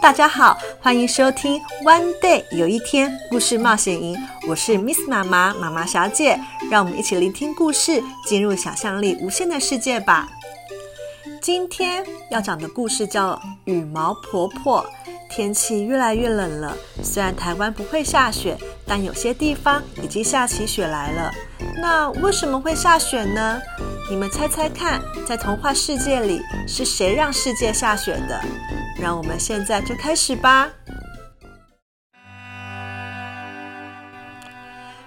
大家好，歡迎收聽《One Day 有一天故事冒險營》，我是 Miss 媽媽，媽媽小姐，讓我們一起聆聽故事，進入想象力無限的世界吧。今天要講的故事叫《羽毛婆婆》。天氣越來越冷了，雖然台灣不會下雪，但有些地方已經下起雪來了。那為什麼會下雪呢？你們猜猜看，在童話世界裡是誰讓世界下雪的？讓我們現在就開始吧。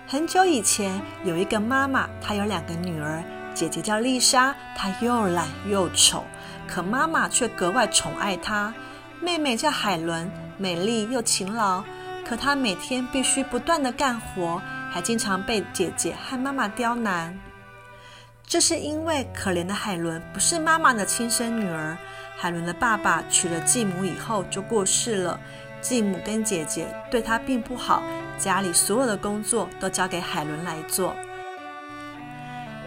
很久以前，有一個媽媽，她有兩個女兒，姐姐叫麗莎，她又懶又醜，可媽媽卻格外寵愛她；妹妹叫海倫，美麗又勤勞，可她每天必須不斷地幹活，還經常被姐姐和媽媽刁難。這是因為可憐的海倫不是媽媽的親生女兒。海倫的爸爸娶了繼母以後就過世了，繼母跟姐姐對她並不好，家裡所有的工作都交給海倫來做。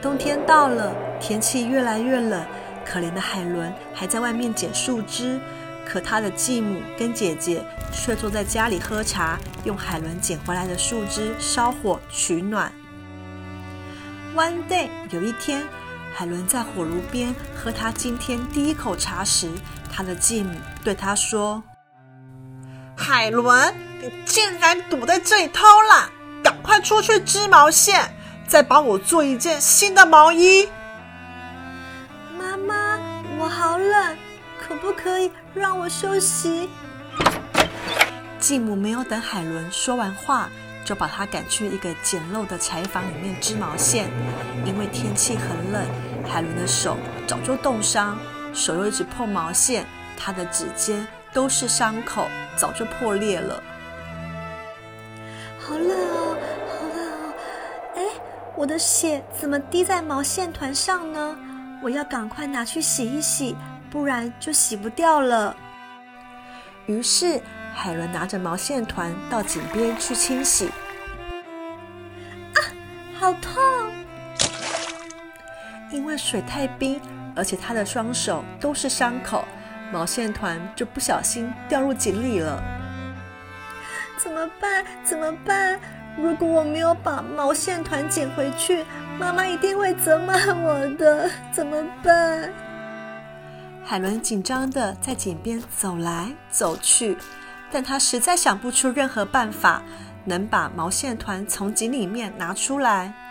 冬天到了，天氣越來越冷，可憐的海倫還在外面撿樹枝，可她的繼母跟姐姐卻坐在家裡喝茶，用海倫撿回來的樹枝燒火取暖。One day，有一天。海倫在火爐邊喝她今天第一口茶時，她的繼母對她說：“海倫，你竟然躲在這裡偷懶，趕快出去織毛線，再幫我做一件新的毛衣。”媽媽，我好冷，可不可以讓我休息？繼母沒有等海倫說完話，就把她趕去一個簡陋的柴房裡面織毛線，因為天氣很冷。海倫的手早就凍傷，手又一直碰毛線，她的指尖都是傷口，早就破裂了。好冷哦，好冷哦。哎，我的血怎麼滴在毛線團上呢？我要趕快拿去洗一洗，不然就洗不掉了。於是，海倫拿着毛線團到井邊去清洗。因為水太冰，而且他的雙手都是傷口，毛線團就不小心掉入井裡了。怎麼辦？怎麼辦？如果我沒有把毛線團撿回去，媽媽一定會責罵我的。怎麼辦？海倫緊張的在井邊走來走去，但她實在想不出任何辦法能把毛線團從井裡面拿出來。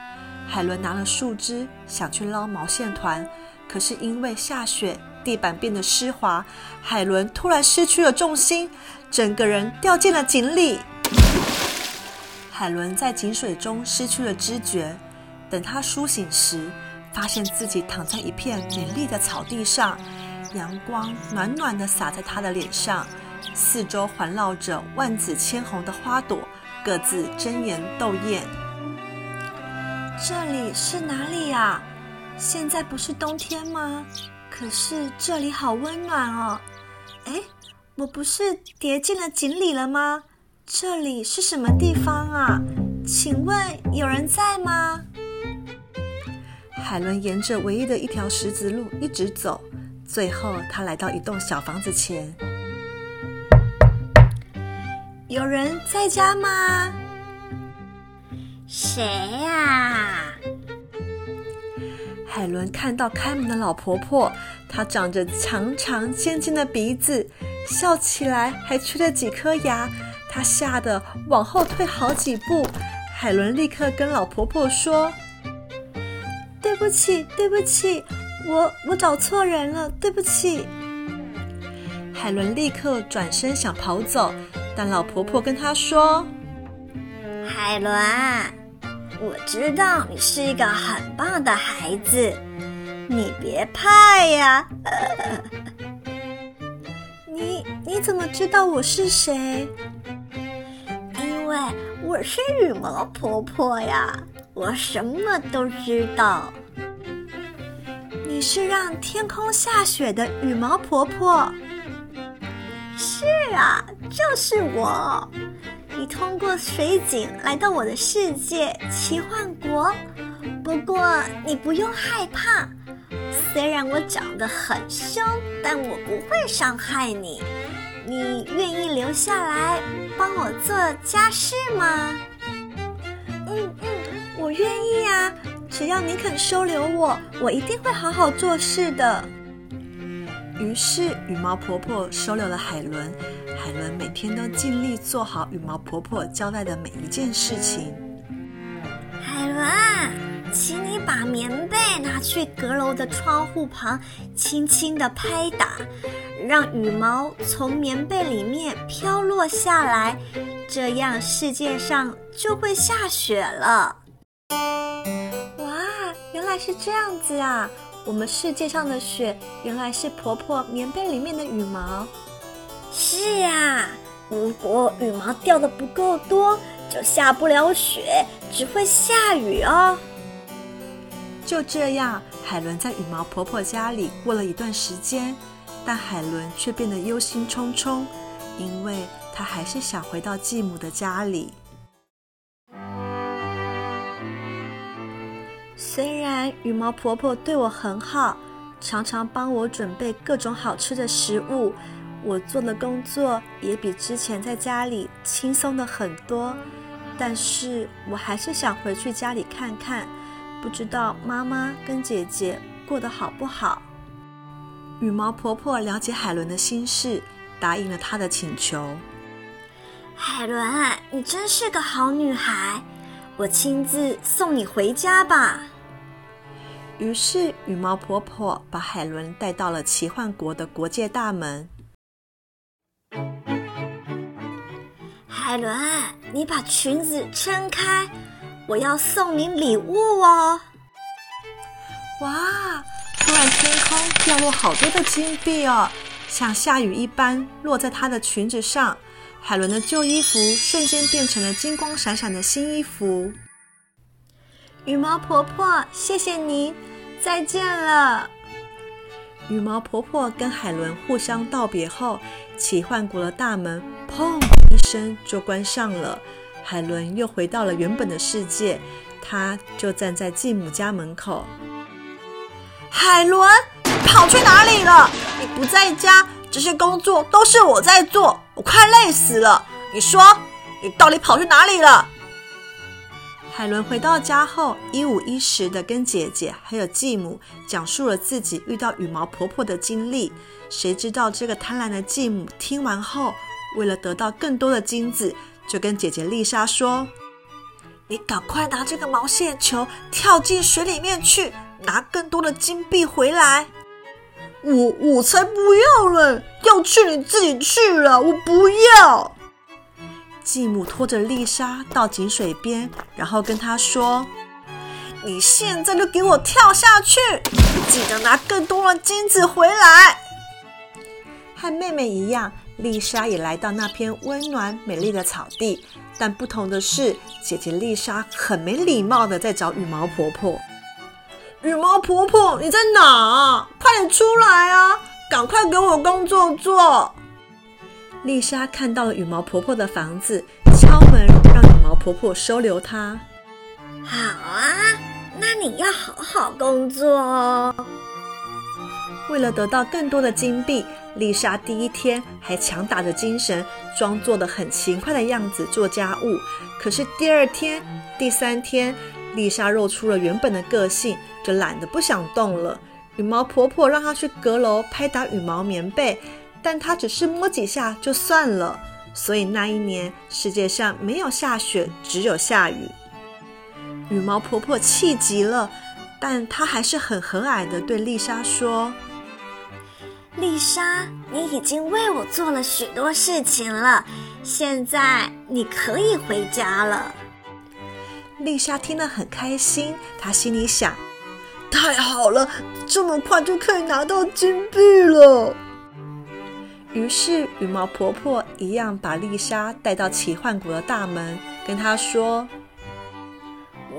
海倫拿了樹枝，想去撈毛線團，可是因為下雪，地板變得濕滑，海倫突然失去了重心，整個人掉進了井裡。 海倫在井水中失去了知覺，等她甦醒時，發現自己躺在一片美麗的草地上，陽光暖暖地灑在她的臉上，四周環繞着萬紫千紅的花朵，各自爭妍鬥豔。這裡是哪裡呀？現在不是冬天嗎？可是這裡好溫暖哦。哎，我不是跌進了井裡了嗎？這裡是什麼地方啊？請問有人在嗎？海倫沿着唯一的一條石子路一直走，最後她來到一棟小房子前。有人在家嗎？誰呀？海倫看到開門的老婆婆，她長着長長尖尖的鼻子，笑起來還缺了幾顆牙。她嚇得往後退好幾步。海倫立刻跟老婆婆說：“對不起，對不起，我我找錯人了，對不起。”海倫立刻轉身想跑走，但老婆婆跟她說：“海倫。”我知道你是一個很棒的孩子，你別怕呀。 你你怎麼知道我是誰？因為我是羽毛婆婆呀，我什麼都知道。你是讓天空下雪的羽毛婆婆？是啊，就是我。你通過水井來到我的世界奇幻國，不過你不用害怕，雖然我長得很凶，但我不會傷害你。你願意留下來幫我做家事嗎？嗯嗯，我願意呀、啊，只要你肯收留我，我一定會好好做事的。於是羽毛婆婆收留了海倫。海倫每天都盡力做好羽毛婆婆交代的每一件事情。海倫，請你把棉被拿去閣樓的窗戶旁，輕輕地拍打，讓羽毛從棉被裡面飄落下來，這樣世界上就會下雪了。哇，原來是這樣子啊！我們世界上的雪原來是婆婆棉被裡面的羽毛。是啊，如果羽毛掉的不夠多，就下不了雪，只會下雨哦。就這樣，海倫在羽毛婆婆家裡過了一段時間，但海倫卻變得憂心忡忡，因為她還是想回到繼母的家裡。雖然羽毛婆婆對我很好，常常幫我準備各種好吃的食物。我做的工作也比之前在家裡輕鬆了很多，但是我還是想回去家裡看看，不知道媽媽跟姐姐過得好不好。羽毛婆婆了解海倫的心事，答應了她的請求。海倫，你真是個好女孩，我親自送你回家吧。於是，羽毛婆婆把海倫帶到了奇幻國的國界大門。海倫，你把裙子撐開，我要送你禮物哦！哇，突然天空掉落好多的金幣哦，像下雨一般落在她的裙子上。海倫的舊衣服瞬間變成了金光閃閃的新衣服。羽毛婆婆，謝謝您，再見了。羽毛婆婆跟海倫互相道別後。奇幻谷的大門砰一聲就關上了，海倫又回到了原本的世界，她就站在繼母家門口。海倫，你跑去哪裡了？你不在家，這些工作都是我在做，我快累死了。你說，你到底跑去哪裡了？海倫回到家後，一五一十的跟姐姐還有繼母講述了自己遇到羽毛婆婆的經歷。誰知道這個貪婪的繼母聽完後，為了得到更多的金子，就跟姐姐麗莎說：“你趕快拿這個毛線球跳進水裡面去，拿更多的金幣回來。我”“我我才不要了，要去你自己去了，我不要。”繼母拖着麗莎到井水邊，然後跟她說：“你現在就給我跳下去，記得拿更多的金子回來。”和妹妹一樣，麗莎也來到那片溫暖美麗的草地，但不同的是，姐姐麗莎很沒禮貌的在找羽毛婆婆：“羽毛婆婆，你在哪？快點出來啊！趕快給我工作做。”麗莎看到了羽毛婆婆的房子，敲門讓羽毛婆婆收留她。好啊，那你要好好工作哦。為了得到更多的金幣，麗莎第一天還強打着精神，裝作得很勤快的樣子做家務。可是第二天、第三天，麗莎露出了原本的個性，就懶得不想動了。羽毛婆婆讓她去閣樓拍打羽毛棉被。但她只是摸幾下就算了，所以那一年世界上沒有下雪，只有下雨。羽毛婆婆氣急了，但她還是很和藹的對麗莎說：“麗莎，你已經為我做了許多事情了，現在你可以回家了。”麗莎聽了很開心，她心裡想：“太好了，這麼快就可以拿到金幣了。”於是，羽毛婆婆一樣把麗莎帶到奇幻谷的大門，跟她說：“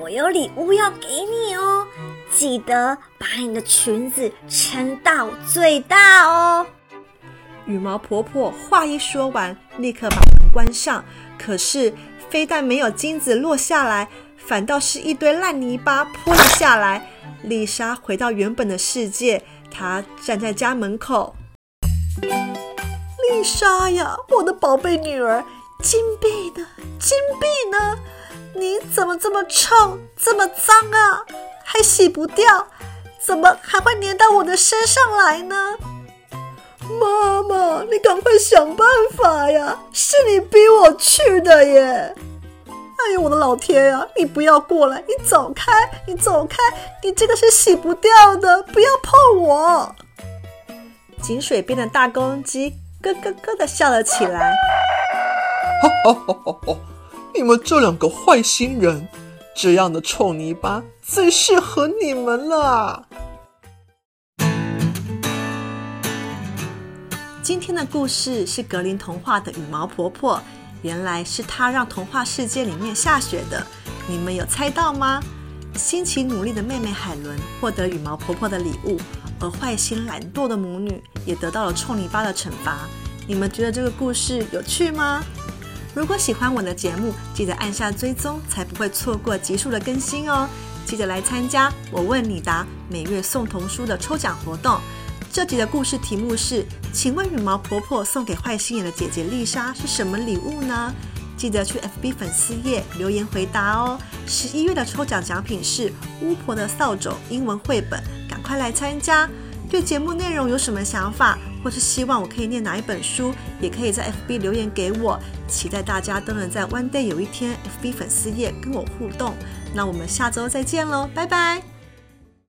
我有禮物要給你哦，記得把你的裙子撐到最大哦。”羽毛婆婆話一說完，立刻把門關上。可是，非但沒有金子落下來，反倒是一堆爛泥巴潑了下來。麗莎回到原本的世界，她站在家門口。麗莎呀，我的寶貝女兒，金幣呢？金幣呢？你怎麼這麼臭，這麼髒啊？還洗不掉？怎麼還會粘到我的身上來呢？媽媽，你趕快想辦法呀！是你逼我去的耶！哎呦，我的老天呀、啊！你不要過來，你走開，你走開！你這個是洗不掉的，不要碰我！井水邊的大公雞。咯咯咯的笑了起來，你們這兩個壞心人，這樣的臭泥巴最適合你們了。今天的故事是格林童話的羽毛婆婆，原來是她讓童話世界裡面下雪的，你們有猜到嗎？辛勤努力的妹妹海倫獲得羽毛婆婆的禮物，而壞心懶惰的母女也得到了臭泥巴的懲罰。你們覺得這個故事有趣嗎？如果喜歡我的節目，記得按下追蹤，才不會錯過集數的更新哦。記得來參加我問你答每月送童書的抽獎活動。這集的故事題目是：請問羽毛婆婆送給壞心眼的姐姐麗莎是什麼禮物呢？記得去 FB 粉絲頁留言回答哦！十一月的抽獎獎品是巫婆的掃帚英文繪本，趕快來參加！對節目內容有什麼想法，或是希望我可以唸哪一本書，也可以在 FB 留言給我。期待大家都能在 One Day 有一天 FB 粉絲頁跟我互動。那我們下周再見嘍，拜拜！